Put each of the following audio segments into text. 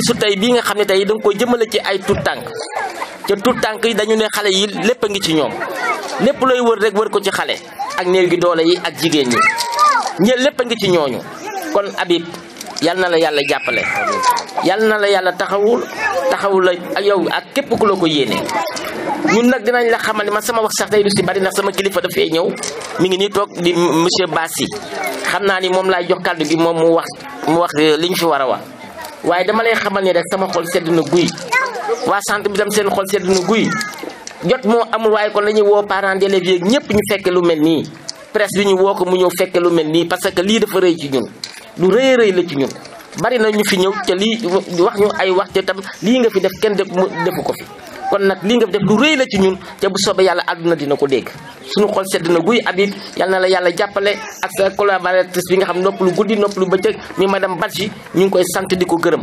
bisu tay bi nga xamne tay dang koy jëmele ci ay tutang, tank ci tout tank yi dañu ne xalé yi lepp ngi ci ñom lepp loy wër rek wër ko ci xalé ak néew gi doole yi ak jigeen ñi ñe lepp ngi ci ñoñu kon abib yal na la yalla jàppale yal na la yalla taxawul taxawul la ak yow ak kep ku lako yene ñun nak dinañ la xamal man sama wax sax si bari nak sama kilifa dafay ñew mi ngi ni tok di monsieur Bassi xamna ni mom laay jox kaddu bi mom mu wax mu wax euh, liñ fi wax. waaye dama lay xamal ni rek sama xol sedd na guy waa sant bi tam seen xol sedd na guy jot moo amul waaye kon la ñuy woo parents d'élèves yeeg ñëpp ñu fekke lu mel nii presse bi ñu woo ko mu ñëw fekkee lu mel nii parce que lii dafa rëy ci ñun lu rëy rëy la ci ñun bari na ñu fi ñëw te lii wax ñu ay wax te tam lii nga fi def kenn def defu ko fi kon nag lii nga def lu rëy la ci ñun te bu soobee yàlla àdduna dina ko dégg suñu xool sedd na guy Habib yal na la yàlla jàppale ak sa collaboratrice bi nga xam nopp lu guddi nopp lu bëccëg mi madame Badji ñu ngi koy sant di ko gërëm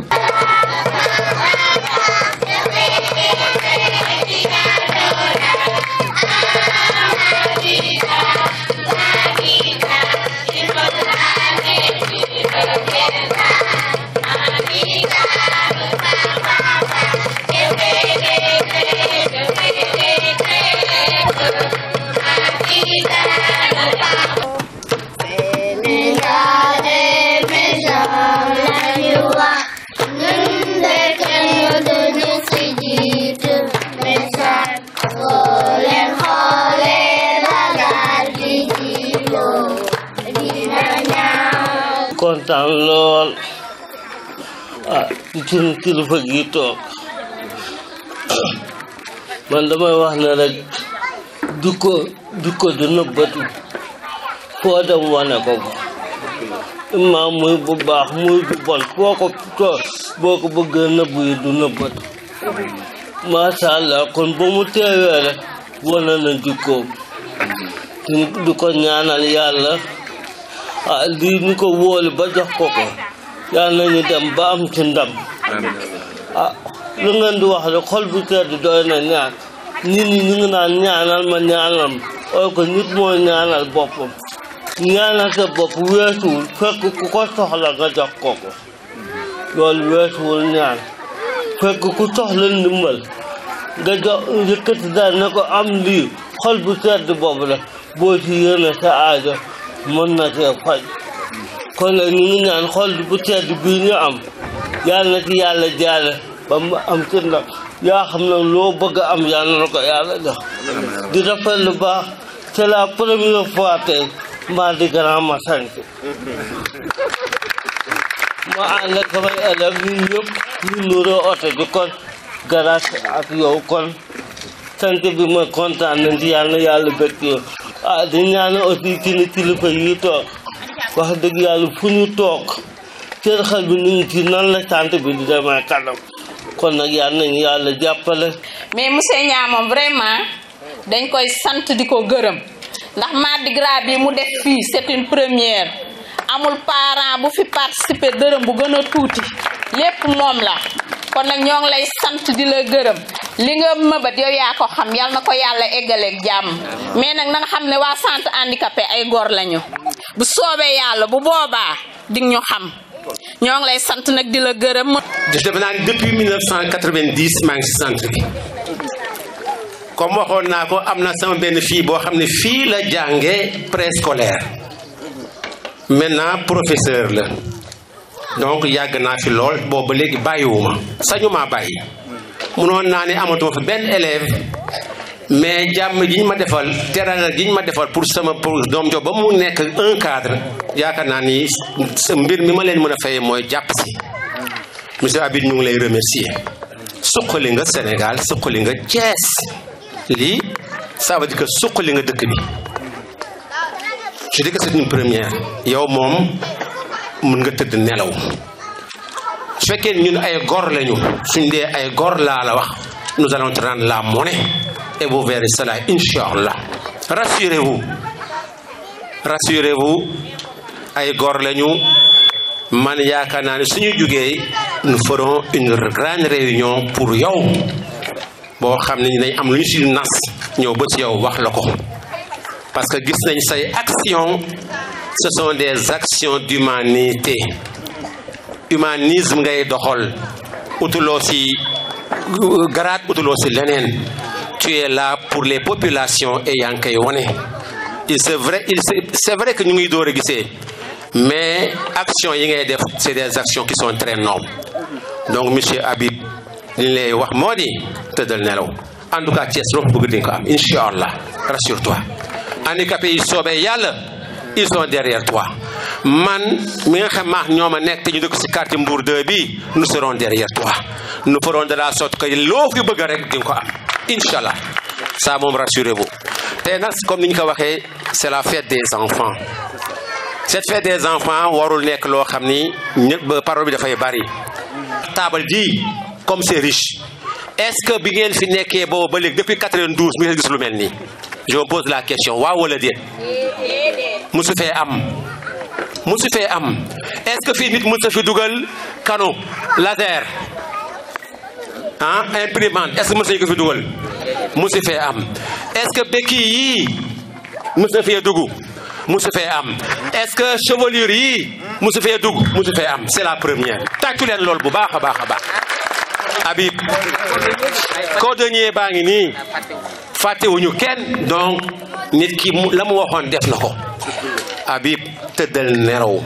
ci turu kilifa gi toog man damay wax ne rek jikko jikko du nëbbatu foo dem wane ko ko imaam muy bu baax muy bu bon foo ko toog boo ko bëggee nëbb yi du nëbbatu macha kon ba mu teewee wane na jikkoom di ko ñaanal yàlla a ah, di ñu ko wóolu ba jox ko ko yàlla nañu dem ba am ci ndam ah lu ngeen di wax rek xol bu tedd doy na ñaan nit ñi ñu ngi naan ñaanal ma ñaanal ma ooy ko nit mooy ñaanal boppam ñaanal sa bopp weesuwul fekk ku ko soxla nga jox ko ko loolu ñaan fekk ku soxla ndimbal nga jox yëkkati daal ne ko am lii xol bu sedd boobu la boo ci aajo mën na see faj kon nag ñu ngi ñaan xol bu tedd bii ñu am yàlla na ci yàlla jaale ba am ci ndax yaa xam ne loo bëgg am yàlla na ko yàlla jox di rafet lu baax c'est la première fois tey maa di grand ma sant ma ànd ak samay élèves ñun ñëpp ñu nuroo oto bi kon garage ak yow kon sant bi ma kontaan nañ ci yàlla yàlla bëgg yow ah, di ñaan aussi ci ni kilifa yi toog wax dëgg yàlla fu ñu toog seen xel bi ñu ngi ci nan la sant bi di demee kanam kon nag yal nañu yàlla jàppale. mais monsieur Niang moom vraiment dañ koy sant di ko gërëm ndax Mardi Gras bi mu def fii c'est une première amul parent bu fi participer dërëm bu gën a tuuti lépp moom la. kon nag ñoo lay sant di la gërëm li nga mëbët yow yaa ko xam yal na ko yàlla eggaleeg jàmm mais nag na nga xam ne waa centre handicapé ay góor lañu bu soobee yàlla bu boobaa di ñu xam ñoo ngi lay sant nag di la gërëm. defe naa ni depuis 1990 maa ngi si centre bi comme waxoon naa ko am na sama benn fii boo xam ne fii la jànge préscolaire maintenant professeur la. donc yàgg naa fi lool boobu ba léegi bàyyiwuma sañu maa bàyyi munoon naa ni amatuma fi benn élève mais jàmm ji ma defal teranga ji ma defal pour sama pour doom jo ba mu nekk un cadre yaakaar naa ni mbir mi ma leen mën a fayee mooy jàpp si monsieur Habib ñu ngi lay remercier suqali nga Sénégal suqali nga Thiès lii ça veut dire que suqali nga dëkk bi je dis que c'est première yow moom mën nga tëdd nelaw su fekkee ñun ay gor lañu suñ dee ay gor laa la wax nous allons te rendre la monnaie et vous verrez cela incha allah rassurez-vous rassurez-vous ay gor lañu man yaakaar naa ne suñu jugee nous ferons une grande réunion pour yow boo xam ne dañ am lu ñu si nas ñëw ba ci yow wax la ko parce que gis nañ say action ce sont des actions d'humanité humanisme ngay dohol. utuloo si garaat utuloo si tu es là pour les populations et yaa il c'est vrai il c'est vrai que nous devons door mais action yi ngay def c'est des actions qui sont très nobles donc monsieur Habib li lay wax te di tëddal en tout cas Thiès loo bëgg dinga ko am Inch'Allah, rassure-toi handicapé yi soobee yàlla ils sont derrière toi man mi nga xam maax ñoom a nekk te ñu dëkk si quartier Mbour 2 bi nous serons derrière toi nous ferons de la sorte que loo fi bëgg rek di nga ko am incha ça moom rassurez-vous tey nag comme ni ñu ko waxee c'est la fête des enfants cette fête des enfants warul nekk loo xam ni ñëpp parole bi dafay bari table ji comme c'est riche est-ce que bi ngeen fi nekkee boobu ba léegi depuis 92 mi ngi gis lu mel je pose la question waaw wala déet musu fee am musu am est-ce que fii nit musu Dougal dugal laser ah imprimante est-ce que musu ko fi dugal musu am est-ce que béquille Yi musu fee dugg am est-ce que Chevalier yii dougou fee am c'est la première tàccu leen loolu bu baax a baax Habib cordonnier baa ngi nii donc nit ki la mu def na Habib tëddal neraw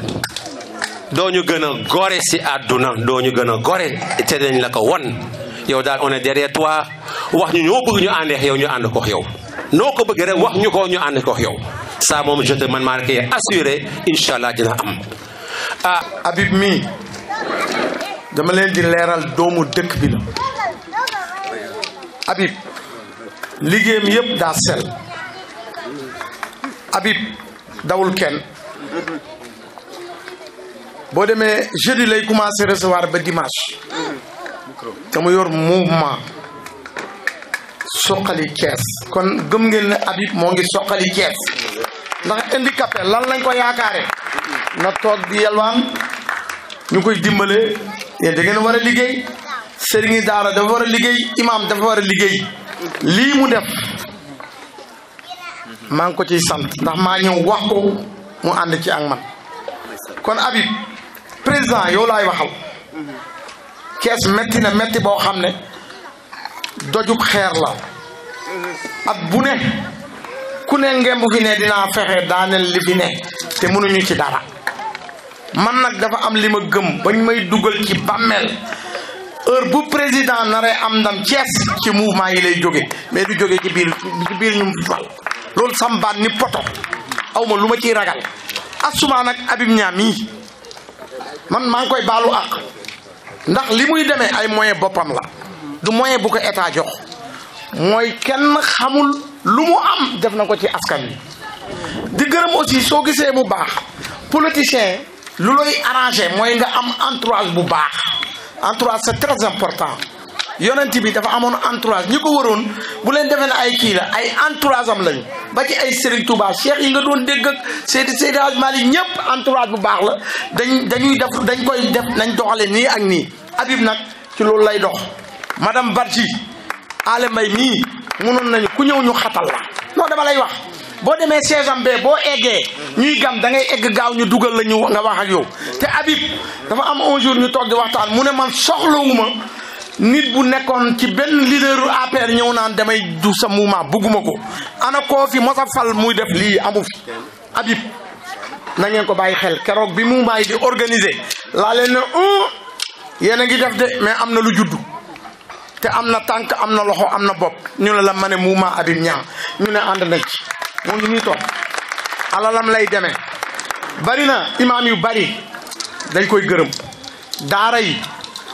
doo ñu gën a gore si àdduna doo ñu gën gore te dañ la ko won yow daal on est wax ñu ñoo bëgg ñu àndeex yow ñu ànd ko yow noo ko bëgg rek wax ñu ko ñu ànd ko yow saa moom je man maa assuré incha allah dina am ah Habib mii dama leen di leeral doomu dëkk bi la Habib liggéeyam yëpp daa sel Habib dawul kenn boo demee jeudi lay commencé recevoir ba dimanche dama yor mouvement soqali Thiès kon gëm ngeen ne Habib moo ngi soqali Thiès ndax handicapé lan lañ ko yaakaare na toog di yelwaan ñu koy dimbale yéen da ngeen war a liggéey sëriñ daara dafa war a liggéey imaam dafa war a liggéey lii mu def maa ngi ko ciy sant ndax maa ñëw wax ko mu ànd ci ak man kon Habib président yow laay waxal kees metti na metti boo xam ne dojub xeer la ab bu ne ku ne ngemb fi ne dinaa fexe daaneel li ne te mënuñu ci dara man nag dafa am li ma gëm bañ may dugal ci bàmmeel heure bu président nare am ndam Thiès ci mouvement yi lay jóge mais du jóge ci biir ci biir fal loolu sambaan ni poto aw ma lu ma ciy ragal asuma nag abib ñaam yi man maa ngi koy baalu àq ndax li muy demee ay moyen boppam la du moyen bu ko état jox mooy kenn xamul lu mu am def na ko ci askan wi di gërëm aussi soo gisee mu baax politicien lu lay arrangé mooy nga am entourage bu baax entourage c'est très important yonent bi dafa amoon entourage ñi ko waroon bu leen defee ne ay kii la ay entourage am lañu ba ci ay Serigne Touba Cheikh yi nga doon dégg ak Seydi Seydi Hadj Malick ñëpp entourage bu baax la dañ dañuy def dañ koy def nañ doxale nii ak nii Habib nag ci loolu lay dox madame Barji ale mbay mii munoon nañu ku ñëw ñu xatal la non dama lay wax boo demee saison bee boo eggee ñuy gam dangay ngay egg gaaw ñu dugal la ñu nga wax ak yow te Habib dafa am un jour ñu toog di waxtaan mu ne man soxlawuma nit bu nekkoon ci benn leaderu APR ñëw naan damay du sa mouvement bugguma ko ana koo fi mos fal muy def lii amu fi Habib ko bàyyi xel keroog bi mouvement yi di organiser laa leen ne yéen a ngi def de mais am na lu juddu te am na tànk am na loxo am na bopp ñu ne la ma ne mouvement Habib ñu ne ànd nañ ci moo ngi nii toog alalam lay demee bari na imaam yu bari dañ koy gërëm daara yi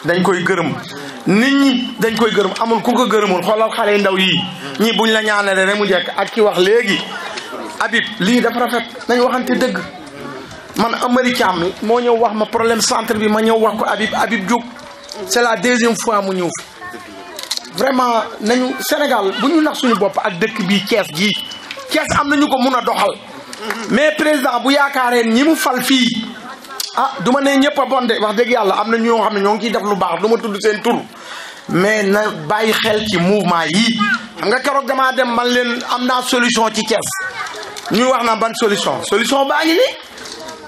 dañ koy gërëm nit ñi dañ koy gërëm amul ku ko gërëmul xoolal xale yu ndaw yi ñii buñ la ñaanalee rek mu jekk ak ki wax léegi Habib lii dafa rafet nañ waxante dëgg man Amary Thiam moo ñëw wax ma problème centre bi ma ñëw wax ko Habib Habib jóg c'est la deuxième fois mu ñëw vraiment nañu Sénégal bu ñu nax suñu bopp ak dëkk bii Thiès gii Thiès am nañu ko mun a doxal mais président bu yaakaaree ñii mu fal fii ah du ma ne ñëpp a bonde wax dëgg yàlla am na ñoo xam ne ñoo ngi ciy def lu baax du ma tudd seen tur mais na bàyyi xel ci mouvement yi xam nga keroog damaa dem man leen am naa solution ci Thiès ñuy wax na ban solution solution baa ngi nii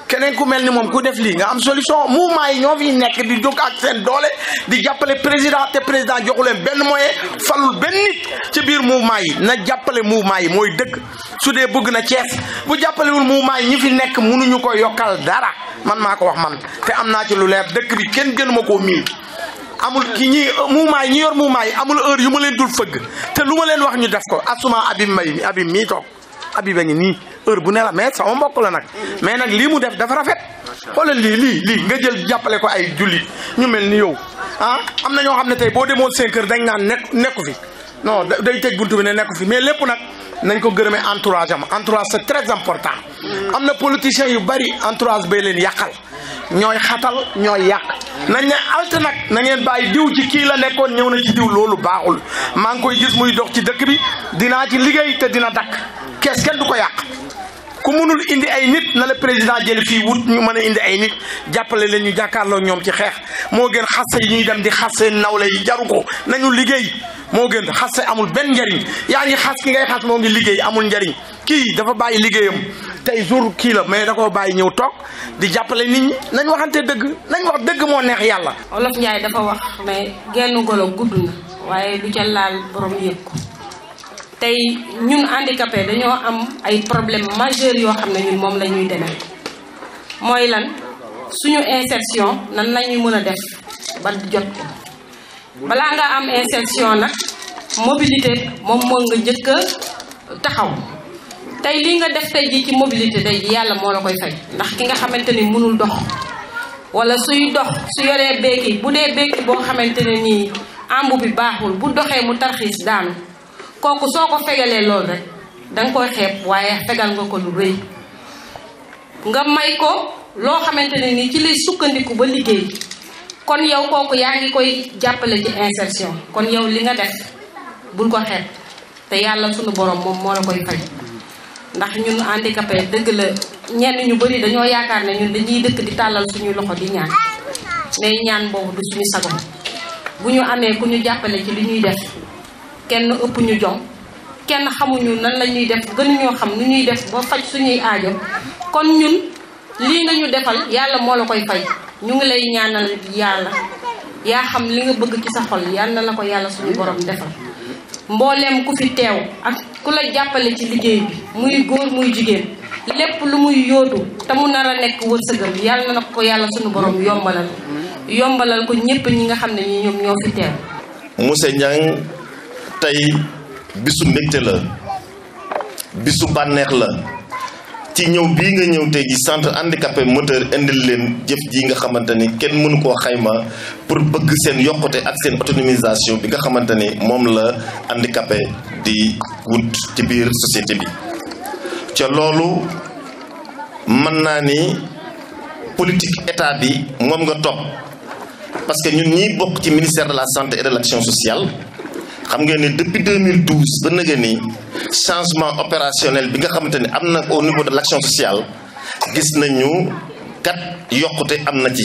keneen ku mel ni moom ku def lii nga am solution mouvement yi ñoo fi nekk di jóg ak seen doole di jàppale président te président joxu leen benn mooy falul benn nit ci biir mouvement yi na jàppale mouvement yi mooy dëkk su dee bëgg na Thiès bu jàppalewul mouvement yi ñu fi nekk munuñu ko yokkal dara man maa ko wax man te am naa ci lu leer dëkk bi kenn gënu ma koo miin amul ki ñi muumaay ñi yor muumaay amul heure yu ma leen dul fëgg te lu ma leen wax ñu def ko asuma abim may abim mii toog abim a ngi nii heure bu nee la mais sama mbokk la nag mais nag lii mu def dafa rafet xoolal lii lii lii nga jël jàppale ko ay jullit ñu mel ni yow ah am na ñoo xam ne tey boo demoon seen kër dañ naan nekk nekku fi non day tëj buntu bi ne nekku fi mais lépp nag nañ ko gërëmee entourage am entourage c'est très important mm. am na politiciens yu bari entourage bay leen yàqal ñooy xatal ñooy yàq nañ ne alte nag na ngeen bàyyi diw ci kii la nekkoon ñëw na ci diw loolu baaxul maa ngi koy gis muy dox ci dëkk bi dinaa ci liggéey te dina dakk kees kenn du ko yàq ku mënul indi ay nit na la président jël fii wut ñu mën a indi ay nit jàppale leen ñu jàkkaarloo ñoom ci xeex moo gën xasse yi ñuy dem di xasse nawle yi jaru ko nañu liggéey moo gën xasse amul benn njariñ yaa ngi xas ki ngay xas moo ngi liggéey amul njariñ kii dafa bàyyi liggéeyam tay jour kilo, la mais da ko baye ñew tok di jappalé nit ñi nañ waxanté deug nañ wax deug mo neex yalla olof ñay dafa wax mais gennu golo gudduna waye du ca laal borom yëg ko tay ñun handicapé dañoo am ay problème majeur yo xamné ñun mom la déné moy lan suñu insertion nan la mëna def ba jot bala nga am insertion nak mobilité mom mo nga jëkke taxaw tey lii nga def tey jii ci mobilité tey ji yàlla moo la koy fay ndax ki nga xamante ni mënul dox wala suy dox su yoree béeki bu dee béeki boo xamante ne nii ambu bi baaxul bu doxee mu tarxiis daanu kooku soo ko fegalee loolu rek danga koy xeeb waaye fegal nga ko lu rëy nga may ko loo xamante ne nii ci lay sukkandiku ba liggéey kon yow kooku yaa ngi koy jàppale ci insertion kon yow li nga def bul ko xeeb te yàlla sunu borom moom moo la koy fay ndax ñun handicapé deug la ñen ñu bari dañoo yaakar ne ñun dañuy dëkk di talal suñu loxo di ñaan mais ñaan bobu du suñu sago bu ñu amee ku ñu jappalé ci li ñuy def kenn upp ñu jom kenn xamuñu nan la ñuy def ñu xam nu ñuy def bo faj suñuy aajo kon ñun li nga ñu defal yalla mo la koy fay ñu ngi lay ñaanal yalla ya xam li nga bëgg ci sa xol yalla la ko yalla suñu borom defal mbooleem ku fi teew ak ku la jàppale ci liggéey bi muy góor muy jigéen lépp lu muy yóotu te mu nar a nekk wërsëgam yàlla na ko yàlla sunu borom yombalal yombalal ko ñépp ñi nga xam ne ñi ñoom ñoo fi teew monsieur Niang tey bisu mbégte la bisu bànneex la ci ñëw bii nga ñëw tey ji centre handicapé moteur indil leen jëf ji nga xamante ni kenn mënu koo xayma pour bëgg seen yokkute ak seen autonomisation bi nga xamante ni moom la handicapé di wut ci biir société bi. ca loolu mën naa ni politique état bi moom nga topp parce que ñun ñiy bokk ci ministère de la santé et de l'action sociale. xam ngeen ni depuis 2012 ba nga ni changement opérationnel bi nga xamanteni amna am au niveau de l'action sociale gis nañu kat yokkute am ci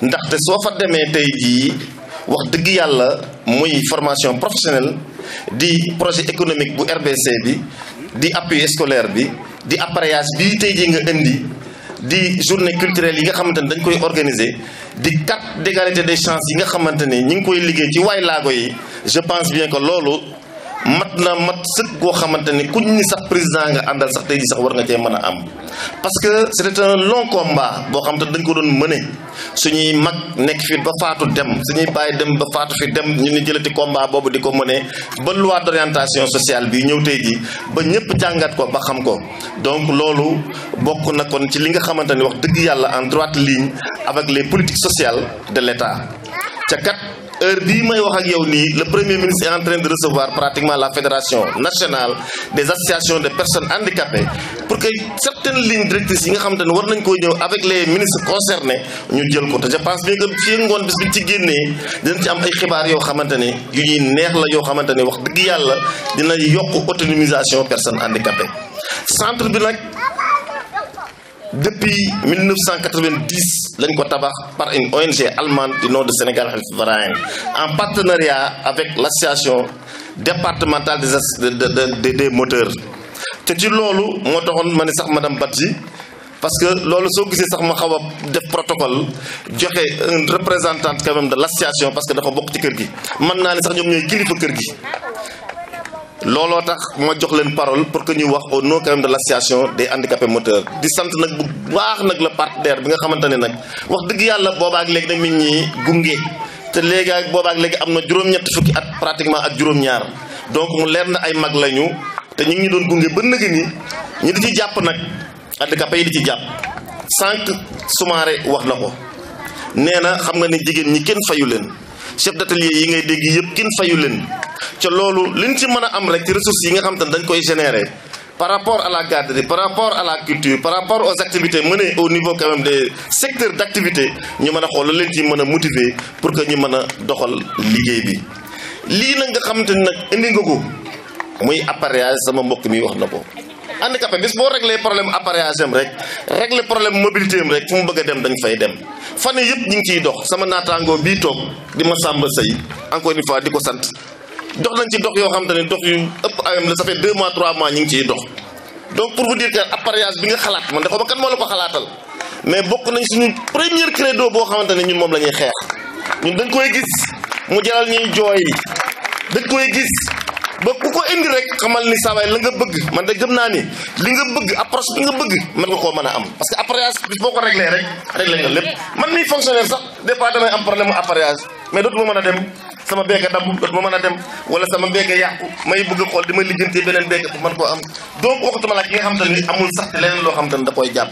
ndax te so fa démé tay ji wax deug yalla muy formation professionnelle di projet économique bu RBC bi di appui scolaire bi di appareillage bi tay ji nga indi di journée culturelle yi nga xamanteni dañ koy organiser di kat d'égalité des chances yi nga xamanteni ñing koy liggé ci way je pense bien que lolu mat mat sëkk go xamanteni ni kuñ ni sax président nga andal sax tay ji sax war nga am parce que c'était un long combat bo xam te dañ ko doon mëne suñuy mag nek fi ba faatu dem suñuy baye dem ba faatu fi dem ñu ni jëlati combat bobu diko ko ba loi d'orientation sociale bi ñëw tay ji ba ñëpp jangat ko ba xam ko donc lolu bokku na kon ci li nga xamanteni wax dëgg yalla en droite ligne avec les politiques sociales de l'État ca kat heure bii may wax ak yow ni le premier ministre est en train de recevoir pratiquement la fédération nationale des associations de personnes handicapées pour que certaines lignes directrices yi nga xamante ne war nañ ko ñëw avec les ministres concernés ñu jël ko te je pense bien que fii ngoon bis bi ci génné dinañ ci am ay xibaar yo xamante yu ñi neex la yo xamante wax dëgg yalla dina yokk autonomisation personnes handicapées centre bi nag depuis 1990 par une ONG allemande du nom de Sénégal en partenariat avec l'association départementale des des des moteurs. C'est ci loolu moo je suis venu sax madame Badji parce que loolu que je sax ma xaw a def protocole une représentante quand même de l'association parce que dafa suis ci kër gi mën Maintenant, ne sax ñoom ñooy est kër lolo tax ma jox len parole pour que ñu wax au nom quand même de l'association des handicapés moteurs di sante nak bu baax nak le partenaire bi nga xamante nak nag deug yalla boba ak leg nag nit ñi gungé te leg ak boba ak leg amna juroom ñett fukki at pratiquement ak juroom ñaar donc mu lern ay mag lañu te ñi ngi doon gungé ba neug ni ñi di ci japp nak handicapé yi di ci japp sank sumaré wax nako ko xam nga ni jigen ñi kenn fayu len chef d'atelier yi ngay dégg yëpp kenn fayu len ca loolu ñu ci mën a am rek ci yi nga xam te ne dañ koy générer par rapport à la garderie par rapport à la culture par rapport aux activités menées au niveau quand même des secteurs d' activité ñu mën a xool leen ci mën a motiver pour que ñu mën a doxal liggéey bi. lii nag nga xam te nag indi nga ko muy appareillage sama mbokk mi wax na ko. handicapé bis boo réglé problème appareillage am rek réglé problème mobilité am rek fu mu bëgg a dem dañ fay dem fan yëpp ñu ngi ciy dox sama naataangoo bii toog di ma sàmba say encore une di ko sant. dox nañ ci dox yo xamanteni dox yu ëpp ayam la ça fait 2 mois 3 mois ñing ci dox donc pour vous dire que appareillage bi nga xalat man dafa xawma kan moo la ko xalatal mais bokk nañ suñu premier credo bo xamanteni ñun mom lañuy xex ñun dañ koy gis mu jaral ñi joy dañ koy gis ba ku ko indi rek xamal ni saa waay la nga bëgg man de gëm na ni li nga bëgg approche bi nga bëgg man nga ko mëna am parce que appareillage bis boko régler réglé rek réglé nga lepp man ni fonctionnaire sax des fois damay am problème mu appareillage mais dootuma mëna dem sama beeke da dootuma mën a dem wala sama beeke yàqu may bëgg xol dima lijeenti benen lijjanti beneen man ko am donc waxtuma la ki nga xam te ni amul sax leneen lo xam te da koy japp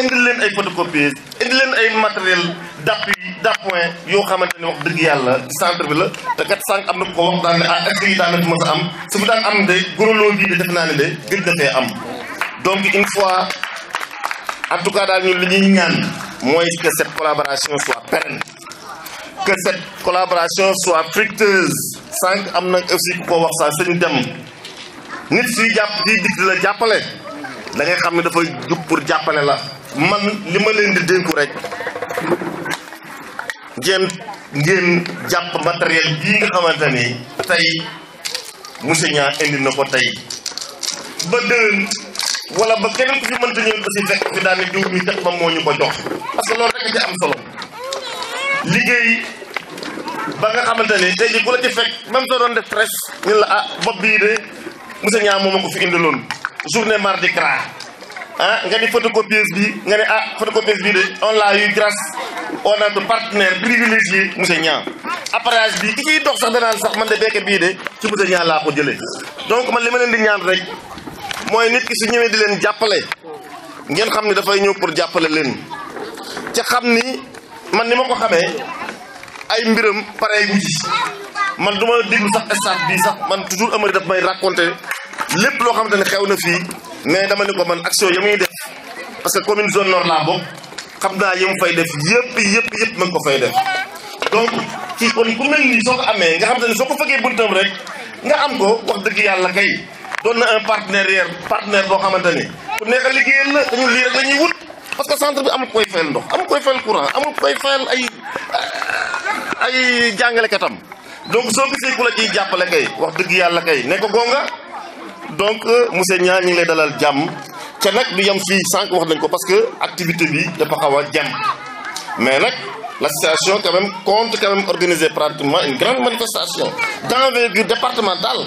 indi leen ay photocopies indi leen ay matériel d'appui d'appoint yo xamanteni ne wax dëgg yàlla centre bi la te kat sank am na ko wax dal ah, na ak est dal na yi daanaka sa am su bu dal am de goroloo gii de def na ni de gëj da fay am donc une fois en tout cas dal ñu li ñi ñaan moy que cette collaboration soit pérenne que cette collaboration soit fructueuse sànq amna aussi ko wax sa seigne dem nit ci japp di dit la jappalé da ngay xam ne dafa jub pour jappalé la man lima len di dénku rek ngeen ngeen japp matériel bi nga xamanteni tay tey monsieur Niang indi nako tay ba deun wala ba kenen ko fi mënta ñëw ci fek fi daal ne diw mi kat ba moo ñu ko jox parce que lool rek ci am solo liggéey ba nga xamante ni ji kula ci fek même so don def stress ñun la ah bopp bi de monsieur Niang mo mako fi indiloon journée mardi cra ah nga ni photocopieuse bi nga ni ah photocopieuse bi de on l'a eu grâce a de partenaire privilégié monsieur Niang appareillage bi ki ciy dox sax danaan sax man de béykat bi de ci monsieur Niang la ko jëlé donc man li ma leen di ñaan rek moy nit ki su ñëwé di leen jappalé ngeen xamni ni fay ñëw pour jappalé leen ci xamni ni man ni ma ko ay mbiram pare gu ci man du ma déglu sax stade bi sax man toujours Amary daf may raconter lépp loo xamante ne xew na fii mais dama ne ko man action ya muy def parce que commune zone nord laa bokk xam naa yam fay def yëpp yëpp yëpp ma ko fay def donc kii kon ku mel nii soo ko amee nga xamante ne soo ko fëggee buntam rek nga am ko wax dëgg yàlla kay doon na un partenaire partenaire boo xamante ne ku nekk liggéeyal la dañu lii rek wut parce que centre bi amul koy fayal ndox amul koy fayal courant amul koy fayal ay ay katam donc soo gisee ku la ciy jàppale kay wax dëgg yàlla kay ne ko gonga donc euh, monsieur Niang ñu ngi lay dalal jàmm te nag du yem fii sànq wax nañ ko parce que activité bi dafa xaw a jàmm mais nag l'association quand même compte quand même organiser pratiquement une grande manifestation d'envergure départementale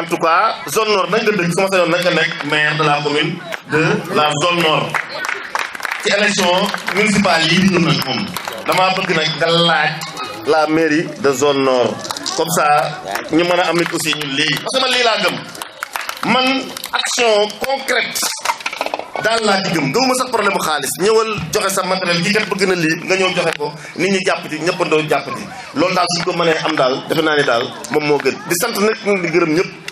en tout cas zone nord nañ nga dëkk sama sañoon nag nga nekk maire de la commune de la zone nord ci élection municipale yi ñu nag moom dama bëgg nak da laaj la mairie de zone nord comme ça ñu mëna am nit aussi ñu léegi parce que man lii laa gëm man action concrète daal la digum douma sax problème xaalis ñewal joxe sa matériel kii kat bëgg na li nga ñew joxe ko nit ñi japp ci ñepp do japp ci lool dal suñ ko mëne am dal defe naa ne daal moom moo gën di sant nag di gërëm ñepp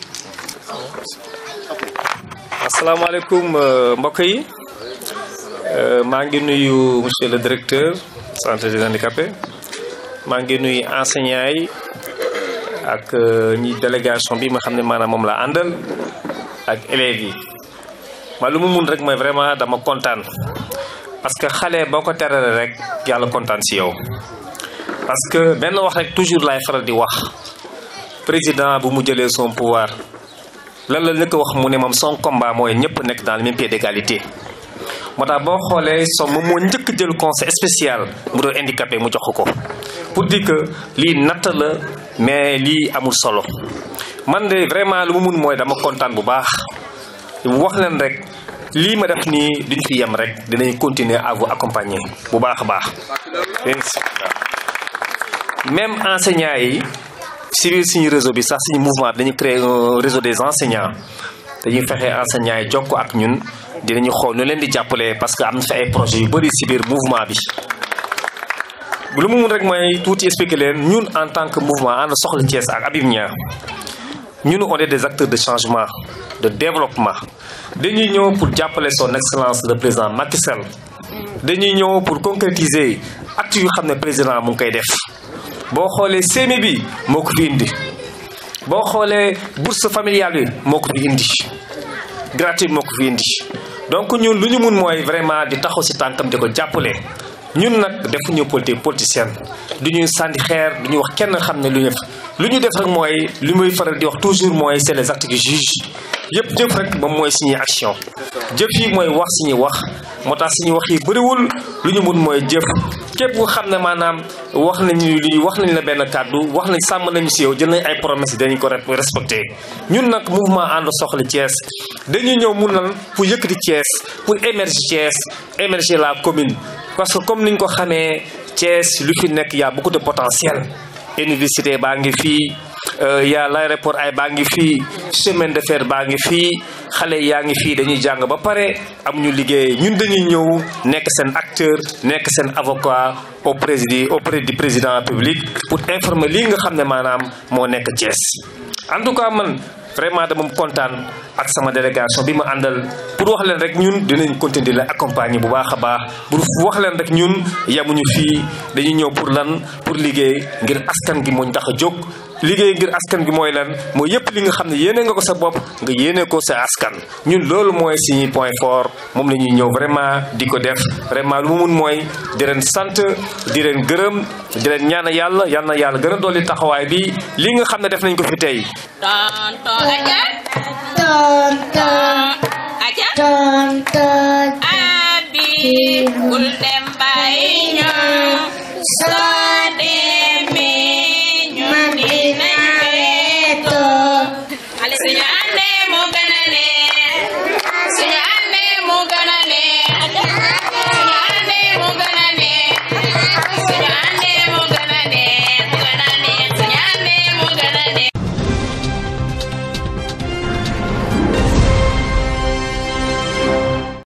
asalaamaaleykum eh, mbok yi eh, ma ngi nuyu monsieur le directeur centre des handicapés ma ngi nuyu enseignants yi ak ñi eh, délégation bi ma xamné manam mom la andal ak élèves yi ma lu mu mun rek moy vraiment dama contane parce que xalé boko ko rek yalla contane ci yow parce que ben wax rek toujours lay faral di wax président bu mu jëlé son pouvoir lan la nek wax mu ne moom son combat moy ñep nek dans le même pied d'égalité moo bo xolé xoolee som moom jël conseil spécial bu do handicapé mu jox ko pour dire que li nat la mais li amul solo man de vraiment lu mu mun mooy dama kontaan bu baax wax len rek li ma def ni duñ fi yam rek dinañ continuer à vous accompagner bu baax baax même enseignant yi si signe réseau bi sax suñu mouvement bi dañu créer un réseau des enseignants dañu fexé enseignants yi jokkoo ak ñun dinañu xool ñu leen di jappalé parce que am na ay projets yu bari ci bir mouvement bi. lu mu rek mooy tuuti expliquer leen ñun en tant que mouvement ànd soxla ties ak abib nya ñun on est des acteurs de changement de développement dañuy ñëw pour jappalé son excellence le président Macky Sall dañuy ñëw pour concrétiser actes yu xamné président mu ngi koy def. boo xoolee sémi bi moo ko fi indi boo xoolee bourse familiale yi moo ko fi indi gratuit moo ko fi indi donc ñun lu ñu mun mooy vraiment di taxaw si tànkam di ko jàppale ñun nag defuñu politique politicienne du ñuy sànni xeer du ñuy wax kenn xam ne lu ñu lu ñu def rek mooy li muy faral di wax toujours mooy c'est les actes qui yëpp jëf rek moom mooy suñuy action jëf yi mooy wax suñuy wax moo tax suñuy wax yi bëriwul lu ñu mun mooy jëf képp ku xam ne maanaam wax nañu lii wax nañ la benn kàddu wax nañ sàmm nañu si yow jël nañ ay promesse yi dañu ko respecté ñun nag mouvement ànd soxla Thiès dañuy ñëw mun nal pour di Thiès pour émerger Thiès émerger la commune parce que comme niñ ko xamee Thiès lu fi nekk yaa a beaucoup de potentiel université baa ngi fii Eh, ya l'aéroport ay baangi fi semaine de fer baangi fi xalé yaangi fi dañuy jang ba paré am ñu liggéey ñun dañuy ñëw nek sen acteur nek sen avocat au président auprès du président public pour informer li nga xamné manam mo nek ties en tout cas man vraiment dama contane ak sama délégation bima andal pour wax len rek ñun dinañ continuer la accompagner bu baaxa baax pour wax len rek ñun yamuñu fi dañuy ñëw pour lan pour liggéey ngir askan gi moñ tax liggéey ngir askan gi mooy lan mooy yépp li nga xam ne yéene nga ko sa bopp nga yéene ko sa askan ñun loolu mooy suñuy point fort moom la ñuy ñëw vraiment di ko def vraiment lu mu mun mooy di leen sant di leen gërëm di leen ñaan yàlla yal na yàlla gën a dolli taxawaay bi li nga xam ne def nañ ko fi tey. tonton abi.